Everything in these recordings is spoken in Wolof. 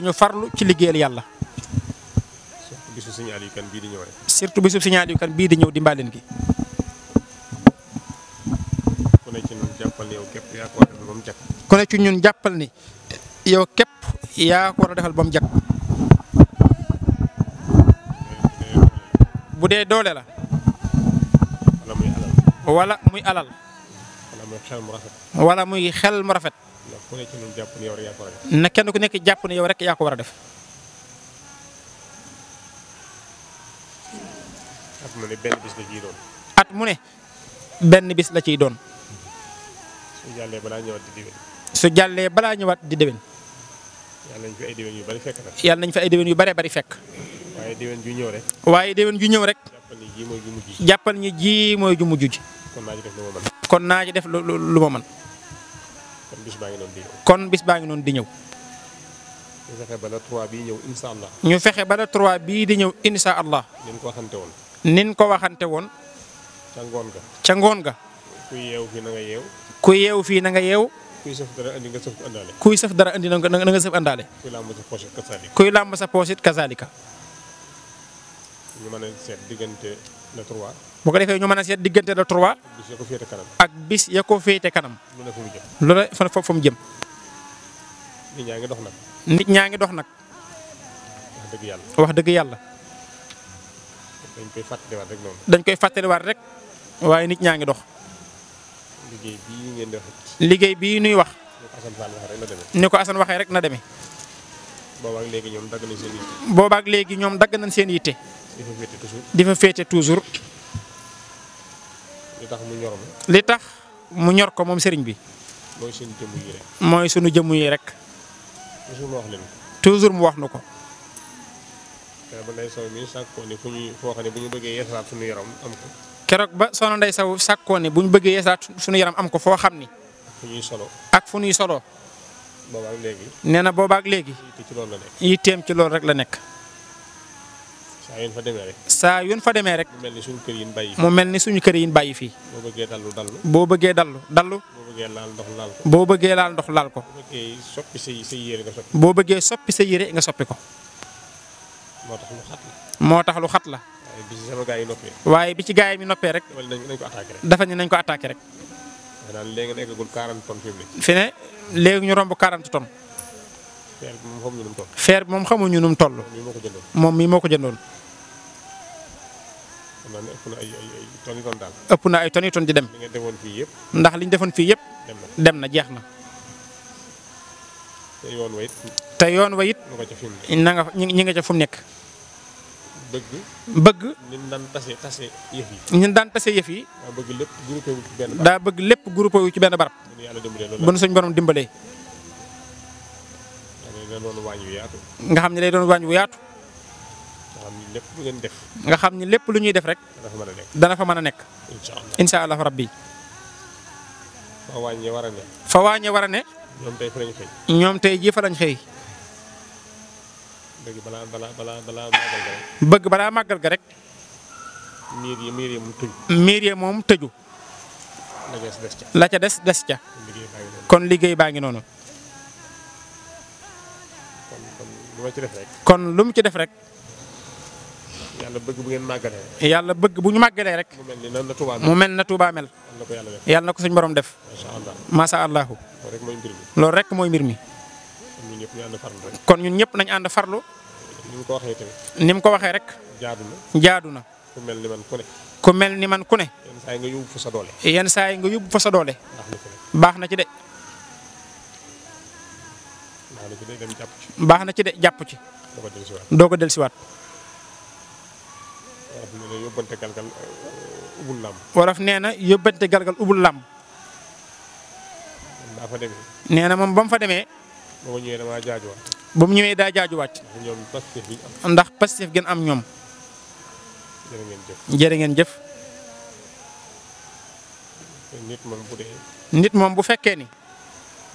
ñu farlu ci liggéeyal yàlla bisu seigne Aliou kan bi di ñew surtout bisu seigne Aliou kan bi di ñew di mbalen gi ku ne ci ñun jappal ni yow kep ya ko defal bam mu ku ne ci ñun jappal ni yow kep ya ko defal bam mu bu doole la wala muy alal wala muy xel mu rafet wala muy xel mu rafet ku ne ci ñun jàpp ne yow rek yaa ko war ku nekk jàpp ne yow rek yaa ko war def. at mu ne bis la ciy doon. at mu ne bis la ciy doon. su jàllee balaa ñëwaat di déwén. su jàllee balaa ñëwaat di déwén. yàlla nañ fi ay déwén yu bari fekk nag. yàlla nañ fi ay déwén yu bare bari fekk. waaye déwén ju ñëw rek. waaye déwén ju ñëw rek. jàppal ni ji mooy ju mujj ji. ni ji mooy ju mujj kon naa ci def lu ma mën. kon naa ci def lu ma mën. bis baa ngi noonu di ñëw. kon bis baa ngi noonu di ñëw. ñu fexe ba la 3 bii ñëw incha allah. ñu fexe ba la 3 di ñëw incha allah. nin ko waxante woon. nin ko waxante woon. ca ngoon ga. ca ngoon ga. ku yeewu fii na nga yeew. ku na nga yeew. kuy sëf dara andi nga sëf andaale. kuy sëf dara andi na nga na kuy làmb sa poche kasaalika. ñu mën a seet diggante bu ko defee ñu mën a seet le 3. Ya ak bis ya ko féete kanam. lu ne fu mu jëm. lu ne fa fa mu jëm. nit Wah ngi dox nag. nit ñaa ngi dox nag. wax dëgg yàlla. wax dëgg yàlla. dañ koy fàttaliwaat rek noonu. dañ koy fàttaliwaat rek waaye nit dox. liggéey ngeen liggéey wax. ko Assane rek na demee. boobaak léegi ñoom dagg nañ seen seen di fa féete toujours. li tax mu ñor li tax mu ñor ko moom sëriñ bi. mooy sunu jëmm yi rek. mooy suñu jëmm yi rek. toujours mu wax leen mu wax nu ko. keroog ba Ndeye Sow mii sàkkoo ne fu ñu foo bu ñu bëggee yeesalaat suñu yaram am ko. ba soxna Ndeye Sow sàkkoo ne bu ñu bëggee yeesalaat suñu yaram am ko foo xam ni. ak fu ñuy solo. ak fu ñuy solo. boobaag léegi. nee na boobaag léegi. yitteem ci loolu la nekk. ci loolu rek la nekk. saa yoon fa demee rek. saa yoon fa demee rek. mu mel ni suñu kër yi bàyyi. mel ni suñu kër yi ñu bàyyi fii. boo bëggee dallu dallu. boo bëggee dallu dallu. boo bëggee laal ndox laal ko. boo bëggee laal ndox laal ko. boo bëggee soppi sa yére nga soppi. boo bëggee soppi sa yére nga soppi ko. moo tax lu xat la. xat la. waaye bi ci gaa yi noppee. waaye bi ci gaa yi noppee rek. dafa nañ ko attaqué rek. dafa nañ ko attaqué rek. maanaam léegi nekkagul 40 tonnes fi mu ne. fi ne léegi ñu romb 40 tonnes. fer mom moom xamuñu num mu toll. moom mii moo jëndoon. ëpp na ay toni ton di dem. ndax liñ ñu defoon fii yëpp. dem na jeex na. te yoon wa it. na nga ñi nga ca fu nekk. bëgg. bëgg. ñun daan tase tase yëf yi. ñun daan tase yëf yi. daa bëgg lepp groupé wu ci benn barab. bëgg lépp groupé wu ci benn barab. bu ñu suñ borom dimbalé dina doon wàññi bu nga xam ne day doon wàññi bu yaatu. nga xam ni lépp lu ñuy def rek. dana fa mën a nekk. incha allah rabbi. fa wàññee war a ne. fa ñoom tey fa lañ xëy. ñoom tey jii fa lañ xëy. bëgg balaa màggal ga rek. miir yi moom tëju. miir yi moom tëju. la ca des des ca. kon liggéey baa ngi noonu. lu ma kon lu mu ci def rek. yàlla bëgg bu ngeen màggalee. yàlla bëgg bu ñu màggalee rek. mu mel ni nan la Touba mel mu mel na Touba mel. yàlla na ko suñu borom def. macha allah loolu rek mooy mbir mi. kon ñun ñëpp nañ ànd farlu. ni mu ko waxee tamit. ni mu ko waxee rek. jaadu na na. ku mel ni man ku ku mel ni man ku ne. yenn saa nga yóbbu fa sa doole. yenn saa sa doole. baax na ci de. baxna ci de jàpp ci. doo ko wat waraf neena yobante galgal ubul lam neena mom bam fa demee. ba ñewé dama jaaju wat bu mu da jaaju wat ndax passif gën am ñom jere ngeen jëf ngeen jëf. nit mom bu dee. nit bu ni.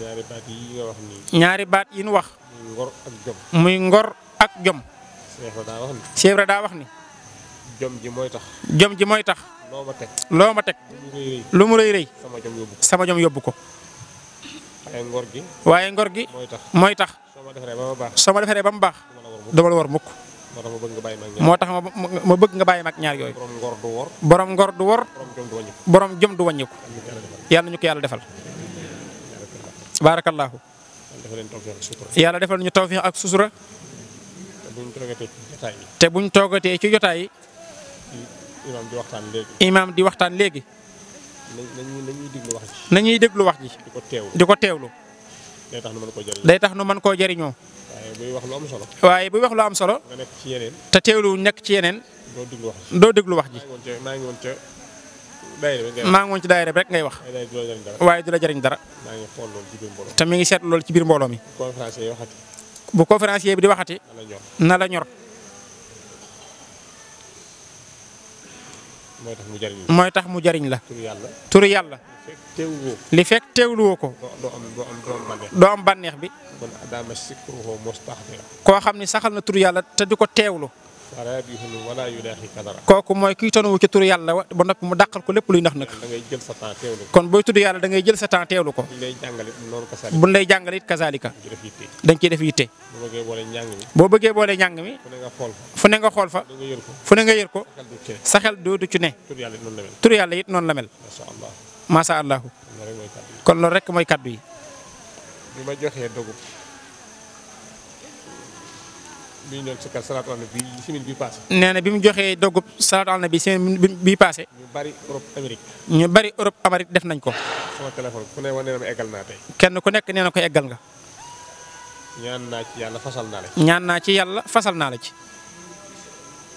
ñaari baat yi nga wax ni ñaari baat yi ñu wax. muy ngor ak jom. muy ngor ak jom. Cheikh Ibra wax ni. wax ni. jom ji mooy tax. jom ji tax. lu mu sama jom yóbbu ko sama jom yóbbu ko. waaye ngor gi. waaye ngor gi. tax tax. ba baax. sama defere ba baax. dama la war mukk. ma bëgg nga bàyyi mag ñaar yoy borom ngor du wor. borom ngor du wor. borom jom du wàññiku. yalla ñu ko yalla defal barakallahu yalla defal ñu tawfiix ak susura te buñ toogatee ci jotay imam di waxtan léegi imam di waxtan léegi nañuy déglu wax ji di ko teewlu day tax nu man ko jëriñoo day tax nu mën koo jëriñoo waaye buy wax lu am solo waye buy wax lu am solo te teewlu nekk ci yeneen doo déglu wax ji maa ngi woon ca maa ngi ci daayira rek ngay wax way dula la dara ta mi ngi set lol ci bir mbolo mi bu conférencier bi di waxati na la ñor moy tax mu jariñ la tax mu jariñ la. turu yalla turu yàlla. li fek tewlu woko do am doo am am bi. ko xamni saxal na turu yalla te diko tewlu kooku mooy kiy tonuwu ci turu yàlla ba noppi mu dàqal ko lépp luy ndax nag kon booy tudd yàlla da ngay jël sa temps teewlu ko buñ lay jàngal it kazalika dañ ciy def yitte boo bëggee boole njàng mi fu ne nga xool fa fu ne nga yër ko sa xel dootu ci ne turu yàlla it noonu la mel macha allah kon loolu rek mooy kaddu yi bi ma joxee dogub bi ñu doon sikkar salaatu ala nabi bi semaine bii passé. nee na bi mu joxee doggub salaatu ala nabi semaine bi passé. ñu bari Europe Amérique. ñu bari Europe Amérique def nañ ko. sama téléphone ku ne ma nee na ma kenn ku nekk neena na ko eggal nga. ñaan naa ci yàlla fasal naa la ci. ñaan naa ci yàlla fasal naa la ci.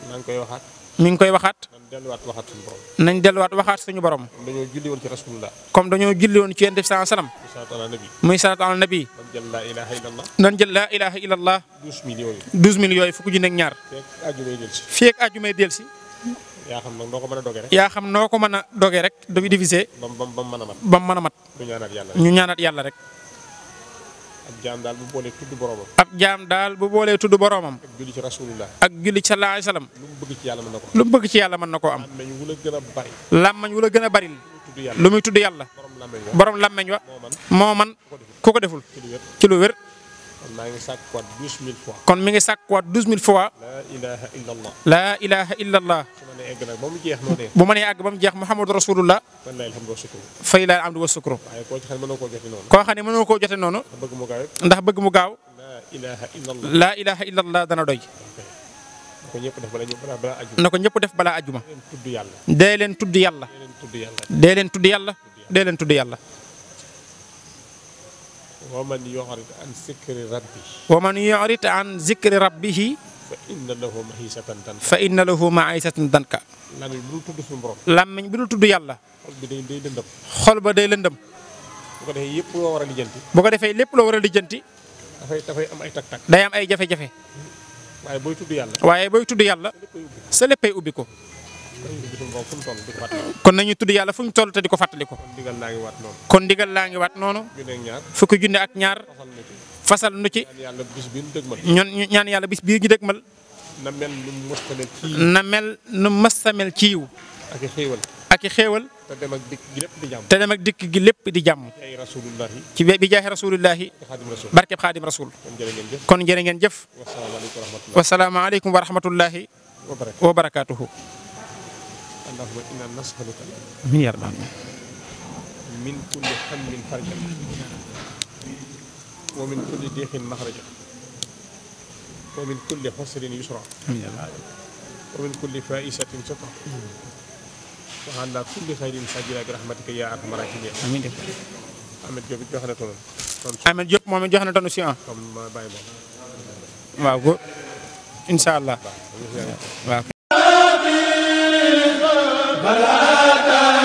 maa koy waxaat. mi ngi koy waxaat. nañ delluwaat waxaat suñu borom. nañ delluwaat waxaat suñu borom. dañoo julli woon ci rasulullah. comme dañoo julli woon ci yonent bi sallallahu alayhi wasallam. muy salaatu ala nabi. nañ jël laa ilaaha illallah. nañ jël yooyu. fukki junni ak ñaar. fii ak àjjumay delsi. yaa xam noo ko mën a doge rek. yaa xam noo ko mën a doge rek. dafa divisé. ba mu mën a mat. ba mu mën a mat. ñu ñaanat yàlla rek ab jaam daal bu boolee tudd boromam. ab jaam daal bu boolee tudd boromam. ak julli ci rasulullah. ak julli lu mu bëgg ci yàlla mën na ko am. làmmeñ wu la gën a bari. làmmeñ wu lu muy tudd yàlla. borom làmmeñ wa. moo ku ko deful. ci lu wér. kon maa kon mi ngi sàkkuwaat douze mille fois. laa ilaha illallah. laa ilaha illallah. su ma nee ba mu jeex bu ma nee àgg ba mu jeex Muhammadu Rasulullah. fay laa alhamdu wa sukru. koo xam ne mënoo koo jote noonu. koo xam ne mënoo koo jote noonu. ndax bëgg mu gaaw ndax bëgg mu gaaw. laa ilaha illallah. laa ilaha illallah dana doy. na ko ñëpp def balaa ajuma. dee leen tudd yàlla. dee leen tudd yàlla. dee leen tudd yàlla. wa man yu'rid an zikri rabbihi wa man yu'rid an zikri rabbihi fa inna lahu ma'isatan danka fa inna lahu ma'isatan danka làmmiñ bi dul tudd suñu borom làmmiñ bi dul tudd yàlla xol bi day day xol ba day lëndëm bu ko defee war a lijjanti bu ko defee lépp loo war a lijjanti dafay dafay am ay tak-tak day am ay jafe-jafe waaye booy tudd yàlla waaye tudd yàlla sa léppay ubbi ko kon nañu tudd yàlla fu ñu toll te di ko fàttaliku. kon ndigal laa ngi waat noonu. fukki junne ak ñaar. fasal nu ci. ñoon ñaan yàlla bis bii ñu dëgmal. na mel nu mustamel ci yiw. na mel nu mustamel ci yiw. ak i xéewal. ak i xéewal. te dem ak dikk gi lépp di jàmm. te dem ak dikk gi lépp di jàmm. ci bi jaaxi rasulullahi. barkeb xaadim rasul. kon jërë ngeen jëf. wasalaamaaleykum wa rahmatullahi wa barakaatuhu. اللهم إنا نسألك من كل رب من كل هم فرجا ومن كل ضيق مخرجا ومن كل حسر يسرا ومن كل فائسة سترا وعلى كل خير سجل برحمتك يا أرحم الراحمين آمين Amed Diop jox na tonn. Amed Diop moom it jox na tonn si waaw góor incha allah waaw بل